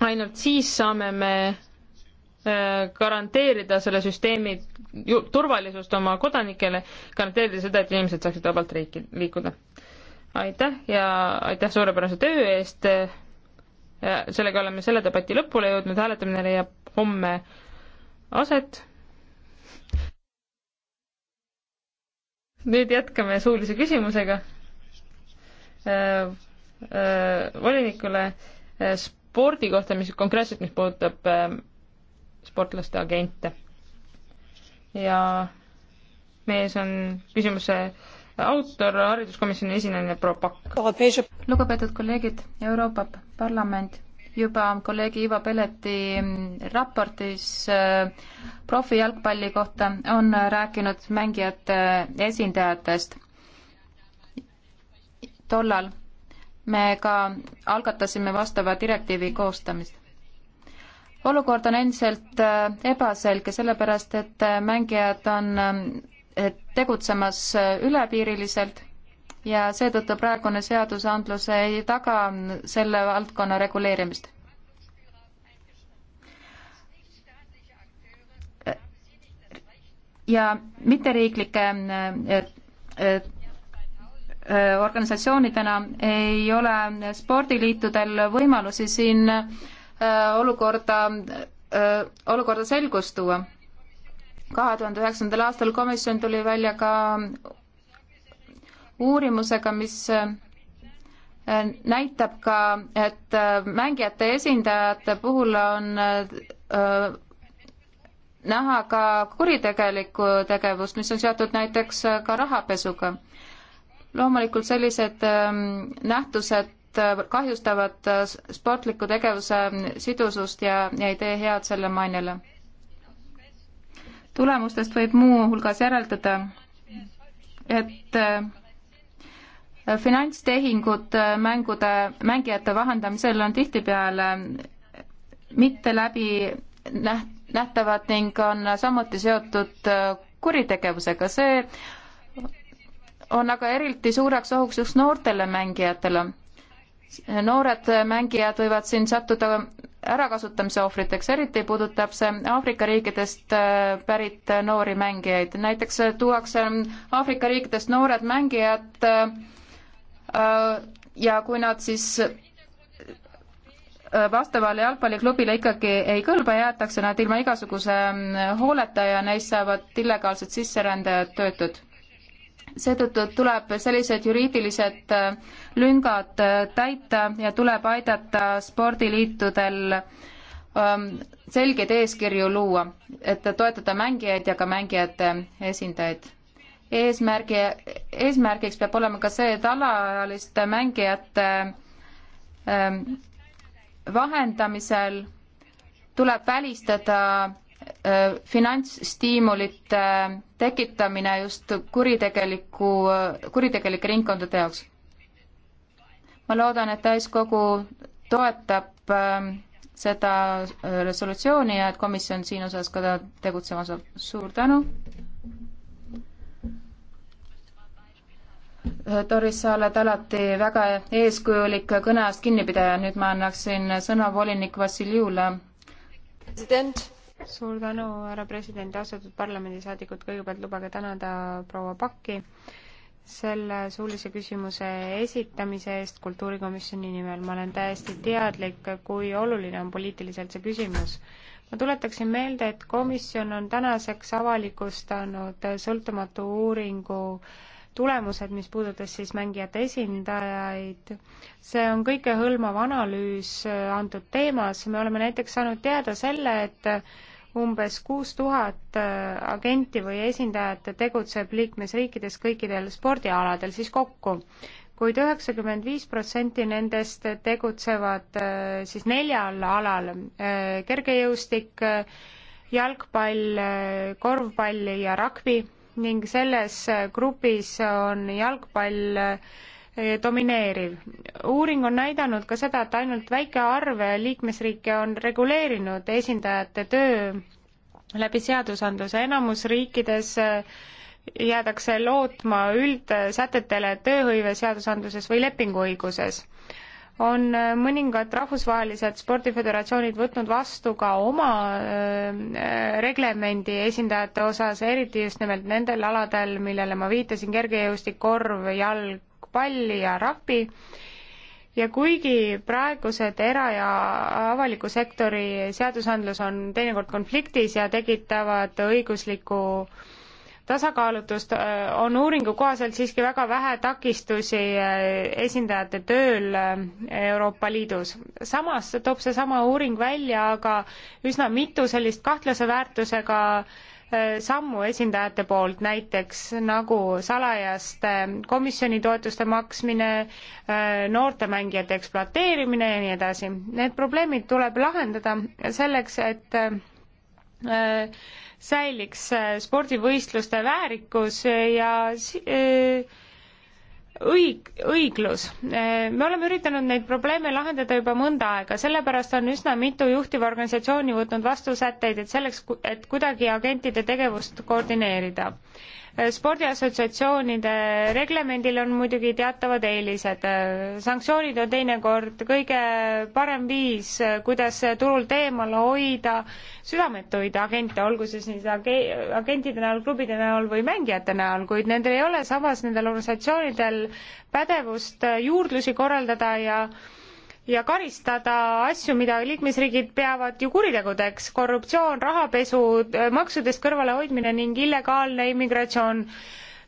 ainult siis saame me äh, garanteerida selle süsteemi turvalisust oma kodanikele, garanteerida seda, et inimesed saaksid vabalt riiki liikuda. aitäh ja aitäh suurepärase töö eest. Äh, sellega oleme selle debati lõpule jõudnud, hääletamine leiab homme aset. nüüd jätkame suulise küsimusega äh, volinikule spordi kohta, mis konkreetselt, mis puudutab ähm, sportlaste agente. ja meie ees on küsimuse autor, hariduskomisjoni esinaine proua Pakk. lugupeetud kolleegid, Euroopa Parlament juba kolleeg Ivo Pelleti mm, raportis äh, profijalgpalli kohta on rääkinud mängijate esindajatest tollal me ka algatasime vastava direktiivi koostamist. olukord on endiselt äh, ebaselge, sellepärast et äh, mängijad on äh, tegutsemas ülepiiriliselt ja seetõttu praegune seadusandlus ei taga selle valdkonna reguleerimist. ja mitteriiklike Äh, organisatsioonidena ei ole spordiliitudel võimalusi siin äh, olukorda, äh, olukorda selgust tuua. kahe tuhande üheksandal aastal komisjon tuli välja ka uurimusega, mis näitab ka, et mängijate esindajate puhul on näha ka kuritegelikku tegevust, mis on seotud näiteks ka rahapesuga loomulikult sellised ähm, nähtused äh, kahjustavad äh, sportliku tegevuse ähm, sidusust ja, ja ei tee head selle mainele. tulemustest võib muuhulgas järeldada, et äh, finantstehingud mängude, mängijate vahendamisel on tihtipeale mitte läbi näht-, nähtavad ning on samuti seotud kuritegevusega, see on aga eriti suureks ohuks just noortele mängijatele. noored mängijad võivad siin sattuda ärakasutamise ohvriteks, eriti puudutab see Aafrika riikidest äh, pärit noori mängijaid. näiteks äh, tuuakse Aafrika riikidest noored mängijad äh, ja kui nad siis vastavale jalgpalliklubile ikkagi ei kõlba, jäetakse nad ilma igasuguse hooleta ja neist saavad illegaalsed sisserändajad töötud seetõttu tuleb sellised juriidilised äh, lüngad äh, täita ja tuleb aidata spordiliitudel ähm, selgeid eeskirju luua, et toetada mängijaid ja ka mängijate esindajaid. eesmärgi, eesmärgiks peab olema ka see, et alaealiste mängijate ähm, vahendamisel tuleb välistada Äh, finantsstiimulite tekitamine just kuritegeliku, kuritegelike ringkondade jaoks. ma loodan, et täiskogu toetab ähm, seda äh, resolutsiooni ja et komisjon siin osas ka tegutsema saab. suur tänu. Doris, sa oled alati väga eeskujulik kõne ajast kinnipidaja, nüüd ma annaksin sõna volinik Vassiljule. president suur tänu, härra president, austatud parlamendisaadikud, kõigepealt lubage tänada proua Pakki selle suulise küsimuse esitamise eest kultuurikomisjoni nimel. ma olen täiesti teadlik, kui oluline on poliitiliselt see küsimus. ma tuletaksin meelde, et komisjon on tänaseks avalikustanud sõltumatu uuringu äh, tulemused, mis puudutas siis mängijate esindajaid. see on kõikehõlmav analüüs äh, antud teemas, me oleme näiteks saanud teada selle, et äh, umbes kuus tuhat äh, agenti või esindajat tegutseb liikmesriikides kõikidel spordialadel siis kokku kuid üheksakümmend viis protsenti nendest tegutsevad siis neljal alal, kergejõustik, jalgpall, korvpall ja rugby ning selles grupis on jalgpall eh, domineeriv. uuring on näidanud ka seda, et ainult väike arv liikmesriike on reguleerinud esindajate töö läbi seadusandluse, enamus riikides eh, jäädakse lootma üldsätetele tööhõive seadusandluses või lepinguõiguses on äh, mõningad rahvusvahelised spordiföderatsioonid võtnud vastu ka oma äh, äh, reglemendi esindajate osas, eriti just nimelt nendel aladel, millele ma viitasin, kergejõustik, korv, jalgpall ja rugby ja kuigi praegused era- ja avaliku sektori seadusandlus on teinekord konfliktis ja tekitavad õigusliku äh, tasakaalutust äh, on uuringu kohaselt siiski väga vähe takistusi äh, esindajate tööl äh, Euroopa Liidus. samas toob seesama uuring välja aga üsna mitu sellist kahtlase väärtusega sammu esindajate poolt, näiteks nagu salajaste komisjoni toetuste maksmine, noortemängijate ekspluateerimine ja nii edasi. Need probleemid tuleb lahendada selleks, et Äh, säiliks äh, spordivõistluste väärikus ja äh, õig-, õiglus. me oleme üritanud neid probleeme lahendada juba mõnda aega, sellepärast on üsna mitu juhtiva organisatsiooni võtnud vastu sätteid, et selleks, et kuidagi agentide tegevust koordineerida Äh, spordiassotsiatsioonide reglemendil on muidugi teatavad eelised. Äh, sanktsioonid on teinekord kõige parem viis, äh, kuidas turult eemal hoida südametuid agente, olgu see siis age-, agentide näol, klubide näol või mängijate näol, kuid nendel ei ole samas, nendel organisatsioonidel pädevust juurdlusi korraldada ja ja karistada asju, mida liikmesriigid peavad ju kuritegudeks, korruptsioon, rahapesu, äh, maksudest kõrvalehoidmine ning illegaalne immigratsioon.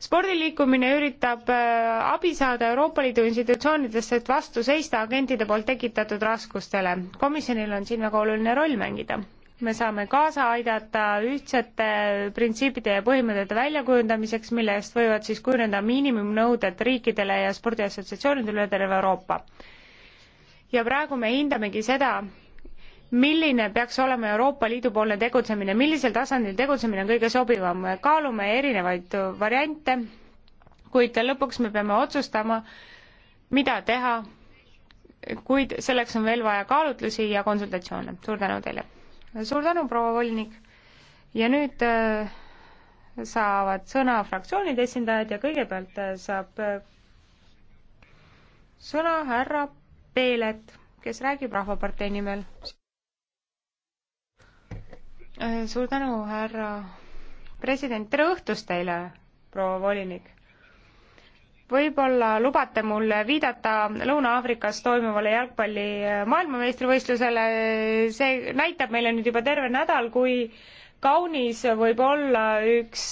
spordiliikumine üritab äh, abi saada Euroopa Liidu institutsioonidest, et vastu seista agentide poolt tekitatud raskustele. komisjonil on siin väga oluline roll mängida me saame kaasa aidata ühtsete printsiipide ja põhimõtete väljakujundamiseks, mille eest võivad siis kujuneda miinimumnõuded riikidele ja spordiassotsiatsioonidele üle terve Euroopa ja praegu me hindamegi seda, milline peaks olema Euroopa Liidu poolne tegutsemine, millisel tasandil tegutsemine on kõige sobivam, kaalume erinevaid variante, kuid lõpuks me peame otsustama, mida teha, kuid selleks on veel vaja kaalutlusi ja konsultatsioone. suur tänu teile! suur tänu, proua volinik! ja nüüd äh, saavad sõna fraktsioonide esindajad ja kõigepealt äh, saab äh, sõna härra Peelet, kes räägib Rahvapartei nimel. suur tänu, härra president, tere õhtust teile, proua volinik! võib-olla lubate mul viidata Lõuna-Aafrikas toimuvale jalgpalli maailmameistrivõistlusele, see näitab meile nüüd juba terve nädal, kui kaunis võib olla üks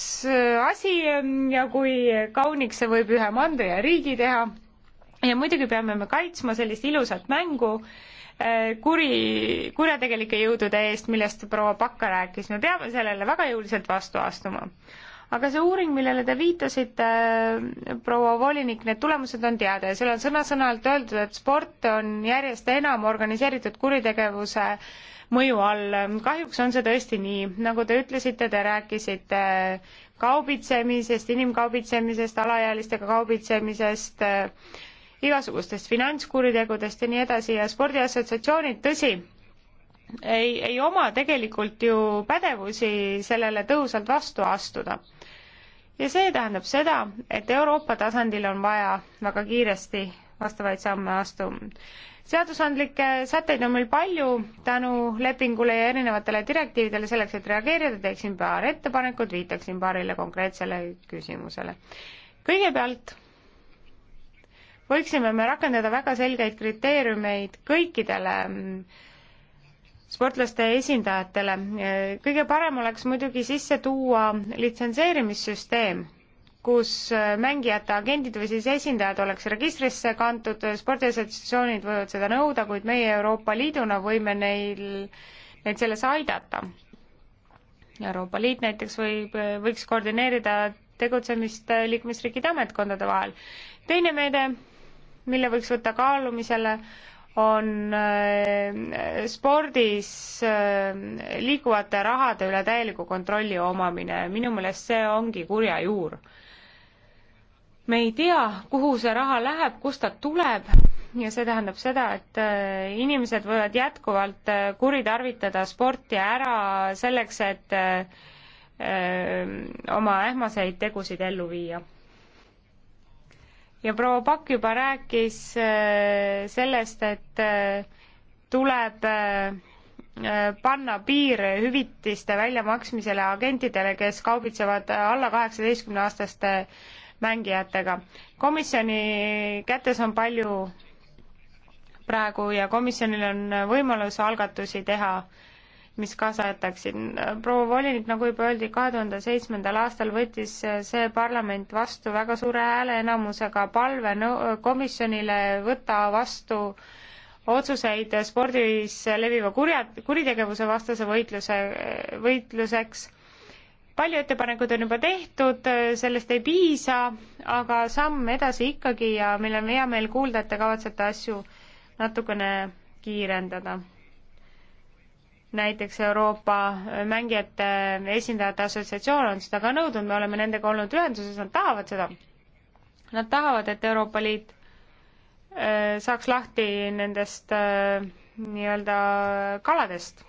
asi ja kui kauniks see võib ühe mandri ja riigi teha ja muidugi peame me kaitsma sellist ilusat mängu äh, kuri, kurjategelike jõudude eest, millest proua Pakka rääkis, me peame sellele väga jõuliselt vastu astuma. aga see uuring, millele te viitasite, äh, proua volinik, need tulemused on teada ja seal on sõna-sõnalt öeldud, et sport on järjest enam organiseeritud kuritegevuse mõju all. kahjuks on see tõesti nii, nagu te ütlesite, te rääkisite kaubitsemisest, inimkaubitsemisest, alaealistega kaubitsemisest, äh, igasugustest finantskuritegudest ja nii edasi ja spordiassotsiatsioonid, tõsi, ei, ei oma tegelikult ju pädevusi sellele tõhusalt vastu astuda. ja see tähendab seda, et Euroopa tasandil on vaja väga kiiresti vastavaid samme astuma. seadusandlikke sätteid on meil palju tänu lepingule ja erinevatele direktiividele, selleks et reageerida, teeksin paar ettepanekut, viitaksin paarile konkreetsele küsimusele. kõigepealt võiksime me rakendada väga selgeid kriteeriumeid kõikidele mm, sportlaste esindajatele. kõige parem oleks muidugi sisse tuua litsenseerimissüsteem, kus äh, mängijate agendid või siis esindajad oleks registrisse kantud, äh, spordiassotsiatsioonid võivad seda nõuda, kuid meie Euroopa Liiduna võime neil, neid selles aidata. Euroopa Liit näiteks võib, äh, võiks koordineerida tegutsemist liikmesriikide ametkondade vahel. teine meede mille võiks võtta kaalumisele, on äh, spordis äh, liikuvate rahade üle täieliku kontrolli omamine, minu meelest see ongi kurja juur. me ei tea, kuhu see raha läheb, kust ta tuleb ja see tähendab seda, et äh, inimesed võivad jätkuvalt kuritarvitada sporti ära selleks, et öö, oma ähmaseid tegusid ellu viia ja proua Pakk juba rääkis äh, sellest, et äh, tuleb äh, panna piir hüvitiste väljamaksmisele agentidele, kes kaubitsevad alla kaheksateistkümne aastaste mängijatega. komisjoni kätes on palju praegu ja komisjonil on võimalus algatusi teha mis kaasa jätaksid. proua volinik, nagu juba öeldi, kahe tuhande seitsmendal aastal võttis see parlament vastu väga suure hääleenamusega palve komisjonile võtta vastu otsuseid spordis leviva kurja, kuritegevuse vastase võitluse, võitluseks. palju ettepanekuid on juba tehtud, sellest ei piisa, aga samm edasi ikkagi ja meil on hea meel kuulda, et te kavatsete asju natukene kiirendada näiteks Euroopa Mängijate Esindajate Assotsiatsioon on seda ka nõudnud, me oleme nendega olnud ühenduses, nad tahavad seda. Nad tahavad, et Euroopa Liit äh, saaks lahti nendest äh, nii-öelda kaladest.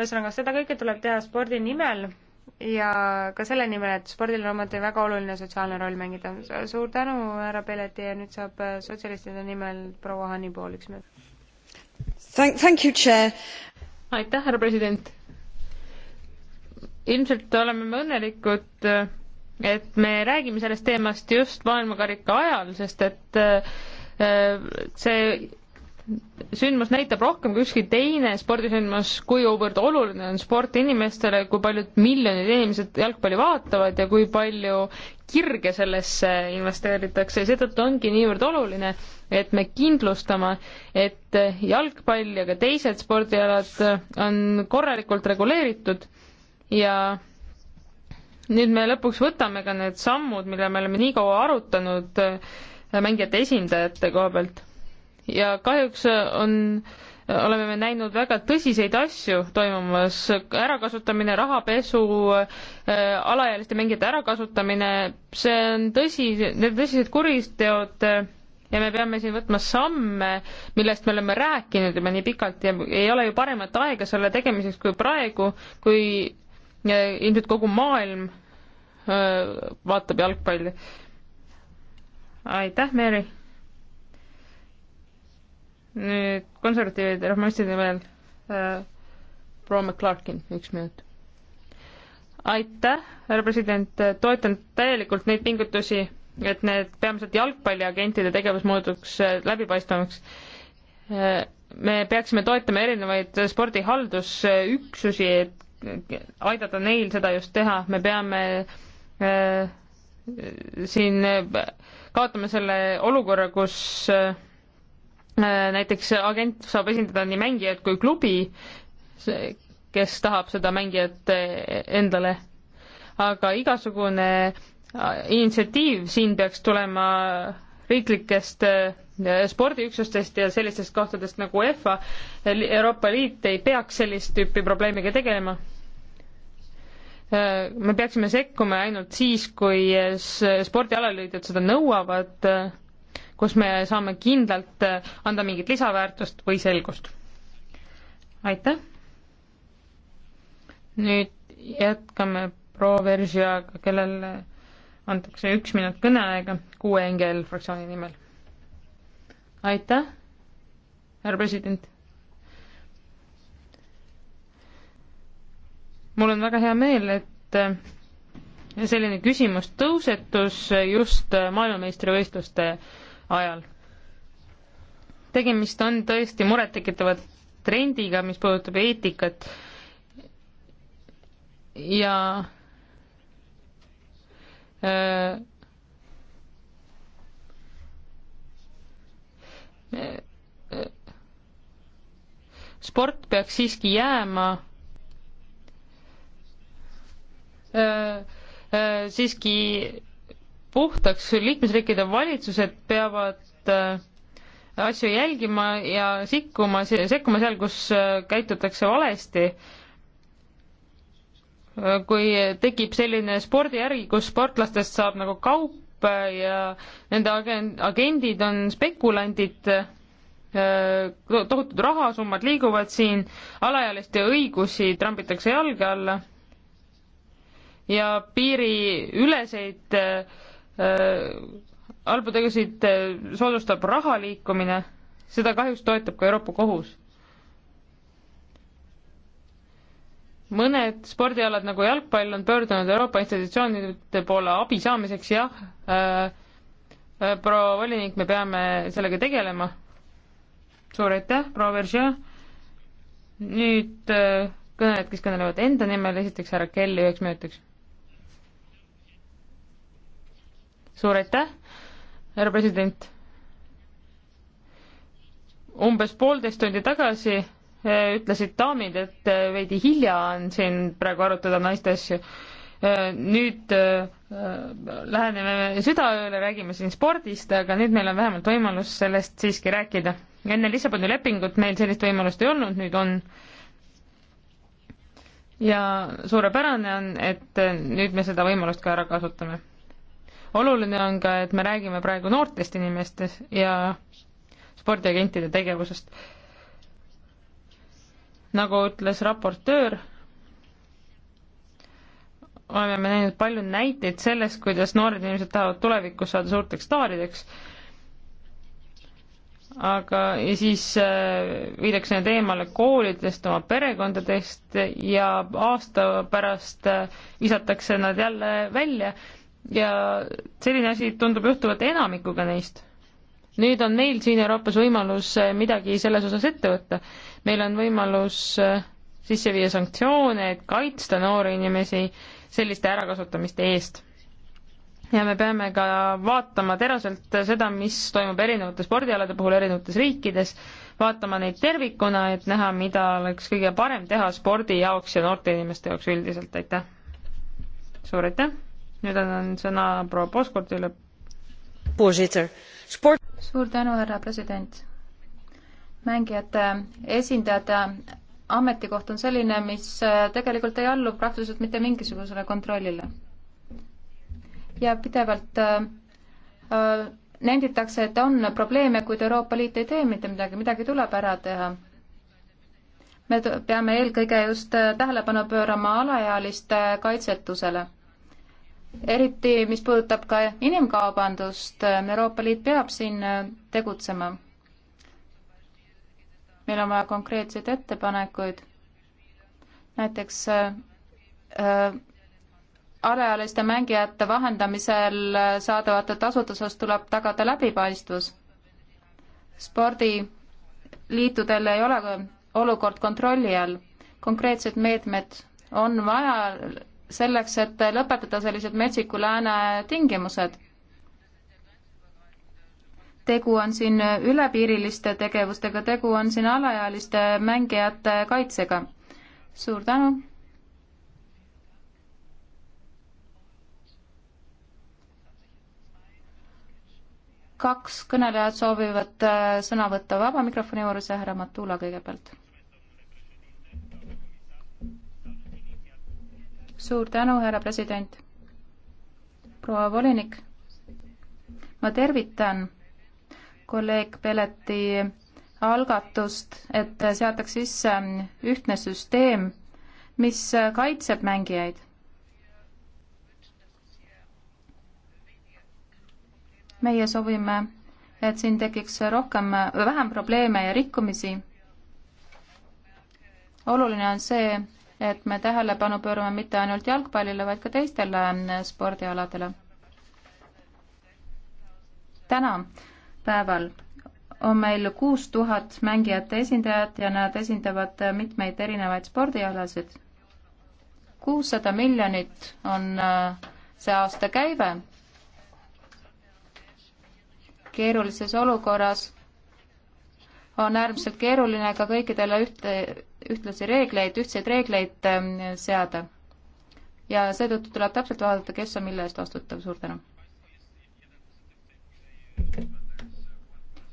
ühesõnaga, seda kõike tuleb teha spordi nimel ja ka selle nimel, et spordil on ometi väga oluline sotsiaalne roll mängida. suur tänu, härra Peleti ja nüüd saab äh, sotsialistide nimel proua Hannipool üks minut. Thank you, chair aitäh, härra president. ilmselt oleme me õnnelikud, et me räägime sellest teemast just maailmakarika ajal, sest et äh, see sündmus näitab rohkem kui ükski teine spordisündmus, kuivõrd oluline on sport inimestele, kui paljud miljonid inimesed jalgpalli vaatavad ja kui palju kirge sellesse investeeritakse ja seetõttu ongi niivõrd oluline, et me kindlustame, et jalgpall ja ka teised spordialad on korralikult reguleeritud ja nüüd me lõpuks võtame ka need sammud, mille me oleme nii kaua arutanud äh, mängijate esindajate koha pealt ja kahjuks on, oleme me näinud väga tõsiseid asju toimumas, ärakasutamine, rahapesu äh,, alaealiste mängijate ärakasutamine, see on tõsi, need tõsised kuriteod äh, ja me peame siin võtma samme, millest me oleme rääkinud juba nii pikalt ja ei ole ju paremat aega selle tegemiseks kui praegu, kui äh, ilmselt kogu maailm öö, äh, vaatab jalgpalli. aitäh, Mary! nüüd konservatiivide reformistide nimel äh, proua McClarkin, üks minut. aitäh, härra president, toetan täielikult neid pingutusi, et need peamiselt jalgpalliagentide tegevus muutuks äh, läbipaistvamaks. Äh, me peaksime toetama erinevaid spordihaldusüksusi, et aidata neil seda just teha, me peame äh, siin äh, kaotame selle olukorra, kus äh, Äh, näiteks agent saab esindada nii mängijat kui klubi, kes tahab seda mängijat äh, endale. aga igasugune äh, initsiatiiv siin peaks tulema riiklikest spordiüksustest ja sellistest kohtadest nagu EFA, Euroopa Liit ei peaks sellist tüüpi probleemiga tegelema. me peaksime sekkuma ainult siis, kui spordialaliidud seda nõuavad kus me saame kindlalt äh, anda mingit lisaväärtust või selgust. aitäh! nüüd jätkame Proversiaga, kellele äh, antakse üks minut kõneaega kuue NGL fraktsiooni nimel. aitäh, härra president! mul on väga hea meel, et äh, selline küsimus tõusetus just maailmameistrivõistluste ajal. tegemist on tõesti murettekitava trendiga, mis puudutab eetikat ja öö, äh, öö, äh, sport peaks siiski jääma öö, äh, siiski puhtaks, liikmesriikide valitsused peavad äh, asju jälgima ja sikkuma, sekkuma seal, kus äh, käitutakse valesti. Äh, kui tekib selline spordiäri, kus sportlastest saab nagu kaup ja nende agendid on spekulandid, tohutud rahasummad liiguvad siin, alaealiste õigusi trambitakse jalge alla ja piiriüleseid äh, halbu äh, tegusid äh, soodustab raha liikumine, seda kahjuks toetab ka Euroopa Kohus. mõned spordialad nagu jalgpall on pöördunud Euroopa institutsioonide poole abi saamiseks, jah äh,, äh proua volinik, me peame sellega tegelema. suur aitäh, proua Veržia. nüüd äh, kõnelejad, kes kõnelevad enda nimel, esiteks härra Kelly üheks minutiks suur aitäh, härra president. umbes poolteist tundi tagasi eh, ütlesid daamid, et eh, veidi hilja on siin praegu arutada naiste asju. Eh, nüüd läheneme südaööle, räägime siin spordist, aga nüüd meil on vähemalt võimalus sellest siiski rääkida. enne Lissaboni lepingut meil sellist võimalust ei olnud, nüüd on ja suurepärane on, et nüüd me seda võimalust ka ära kasutame oluline on ka, et me räägime praegu noortest inimestest ja spordiagentide tegevusest. nagu ütles raportöör, oleme me näinud palju näiteid sellest, kuidas noored inimesed tahavad tulevikus saada suurteks staarideks, aga, ja siis äh, viidakse need eemale koolidest, oma perekondadest ja aasta pärast äh, visatakse nad jälle välja ja selline asi tundub juhtuvat enamikuga neist. nüüd on meil siin Euroopas võimalus eh, midagi selles osas ette võtta. meil on võimalus eh, sisse viia sanktsioone, et kaitsta noori inimesi selliste ärakasutamiste eest. ja me peame ka vaatama teraselt seda, mis toimub erinevate spordialade puhul erinevates riikides, vaatama neid tervikuna, et näha, mida oleks kõige parem teha spordi jaoks ja noorte inimeste jaoks üldiselt, aitäh! suur aitäh! nüüd annan sõna proua Poskotile. suur tänu, härra president. mängijate esindajate ametikoht on selline, mis äh, tegelikult ei allu praktiliselt mitte mingisugusele kontrollile. ja pidevalt äh, äh, nenditakse, et on probleeme, kuid Euroopa Liit ei tee mitte midagi, midagi tuleb ära teha me peame eelkõige just äh, tähelepanu pöörama alaealiste kaitsetusele eriti mis puudutab ka inimkaubandust, Euroopa Liit peab siin tegutsema. meil on vaja konkreetseid ettepanekuid, näiteks äh, alaealiste mängijate vahendamisel saadavate tasutuses tuleb tagada läbipaistvus. spordiliitudel ei ole olukord kontrolli all, konkreetsed meetmed on vaja selleks, et lõpetada sellised metsiku lääne tingimused. tegu on siin ülepiiriliste tegevustega, tegu on siin alaealiste mängijate kaitsega. suur tänu. kaks kõnelejat soovivad äh, sõna võtta vaba mikrofoni juures ja härra Matula kõigepealt suur tänu, härra president. proua volinik, ma tervitan kolleeg Peleti algatust, et seataks sisse ühtne süsteem, mis kaitseb mängijaid. meie soovime, et siin tekiks rohkem, vähem probleeme ja rikkumisi. oluline on see, et me tähelepanu pöörame mitte ainult jalgpallile, vaid ka teistele ähm, spordialadele. täna päeval on meil kuus tuhat mängijate esindajat ja nad esindavad äh, mitmeid erinevaid spordialasid. kuussada miljonit on äh, see aasta käive. keerulises olukorras on äärmiselt keeruline ka kõikidele ühte ühtlasi reegleid, ühtseid reegleid ähm, seada. ja seetõttu tuleb täpselt vaadata, kes on mille eest vastutav, suur tänu.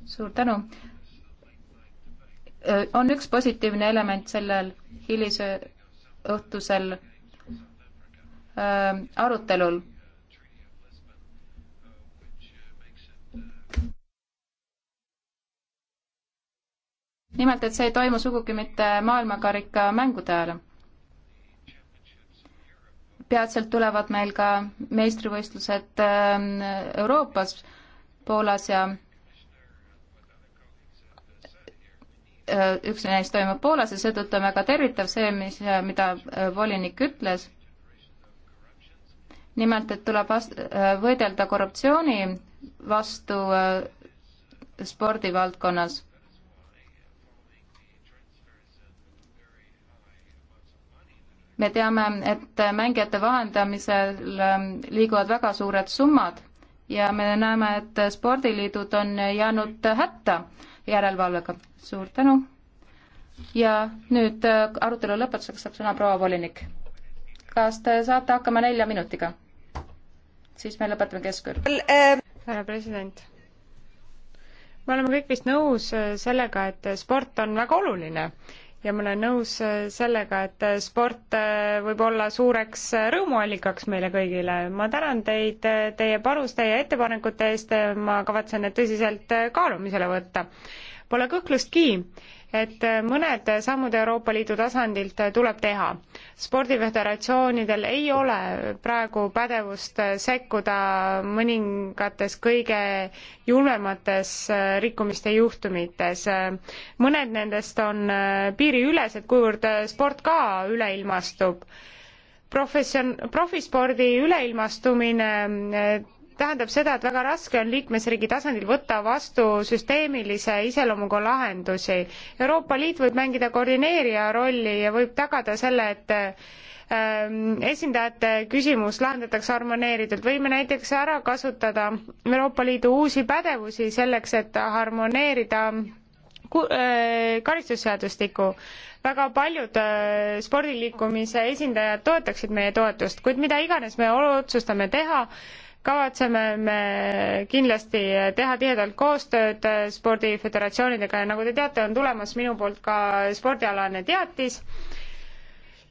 suur tänu. on üks positiivne element sellel hilisõhtusel ähm, arutelul nimelt, et see ei toimu sugugi mitte maailmakarika mängude ajal. peatselt tulevad meil ka meistrivõistlused ähm, Euroopas, Poolas ja äh, üks neist toimub Poolas ja seetõttu on väga tervitav see, mis, mida äh, volinik ütles. nimelt, et tuleb vast-, äh, võidelda korruptsiooni vastu spordivaldkonnas me teame, et mängijate vahendamisel ähm, liiguvad väga suured summad ja me näeme, et spordiliidud on jäänud hätta järelevalvega. suur tänu. ja nüüd äh, arutelu lõpetuseks saab sõna proua volinik. kas te saate hakkama nelja minutiga? siis me lõpetame keskööl. Ähm, härra president, me oleme kõik vist nõus äh, sellega, et sport on väga oluline ja ma olen nõus äh, sellega, et äh, sport äh, võib olla suureks rõõmuallikaks meile kõigile. ma tänan teid teie panuste ja ettepanekute eest, ma kavatsen need tõsiselt kaalumisele võtta. Pole kõhklustki, et äh, mõned sammud Euroopa Liidu tasandilt äh, tuleb teha. spordiföderatsioonidel ei ole praegu pädevust äh, sekkuda mõningates kõige julmemates rikkumiste juhtumites. mõned nendest on piiriülesed, kuivõrd sport ka üleilmastub profession-, profispordi üleilmastumine tähendab seda, et väga raske on liikmesriigi tasandil võtta vastu süsteemilise iseloomuga lahendusi. Euroopa Liit võib mängida koordineerija rolli ja võib tagada selle, et ähm, esindajate küsimus lahendatakse harmoneeritult. võime näiteks ära kasutada Euroopa Liidu uusi pädevusi selleks, et harmoneerida äh, karistusseadustikku. väga paljud äh, spordiliikumise esindajad toetaksid meie toetust, kuid mida iganes me otsustame teha, kavatseme me kindlasti teha tihedalt koostööd spordiföderatsioonidega ja nagu te teate, on tulemas minu poolt ka spordialane teatis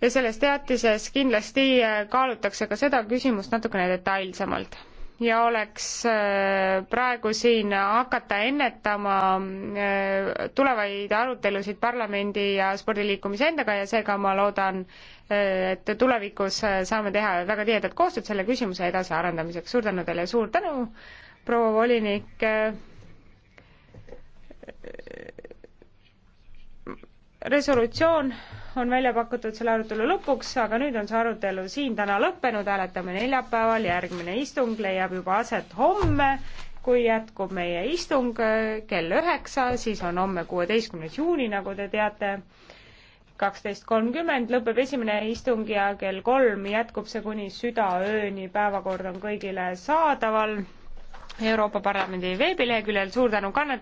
ja selles teatises kindlasti kaalutakse ka seda küsimust natukene detailsemalt ja oleks äh, praegu siin hakata ennetama äh, tulevaid arutelusid parlamendi ja spordiliikumise endaga ja seega ma loodan, äh, et tulevikus saame teha väga tihedat koostööd selle küsimuse edasiarendamiseks. suur tänu teile, suur tänu, proua volinik resolutsioon on välja pakutud selle arutelu lõpuks, aga nüüd on see arutelu siin täna lõppenud, hääletame neljapäeval, järgmine istung leiab juba aset homme, kui jätkub meie istung äh, kell üheksa, siis on homme kuueteistkümnes juuni, nagu te teate, kaksteist kolmkümmend lõpeb esimene istung ja kell kolm jätkub see kuni südaööni, päevakord on kõigile saadaval Euroopa Parlamendi veebileheküljel, suur tänu kannatajatele!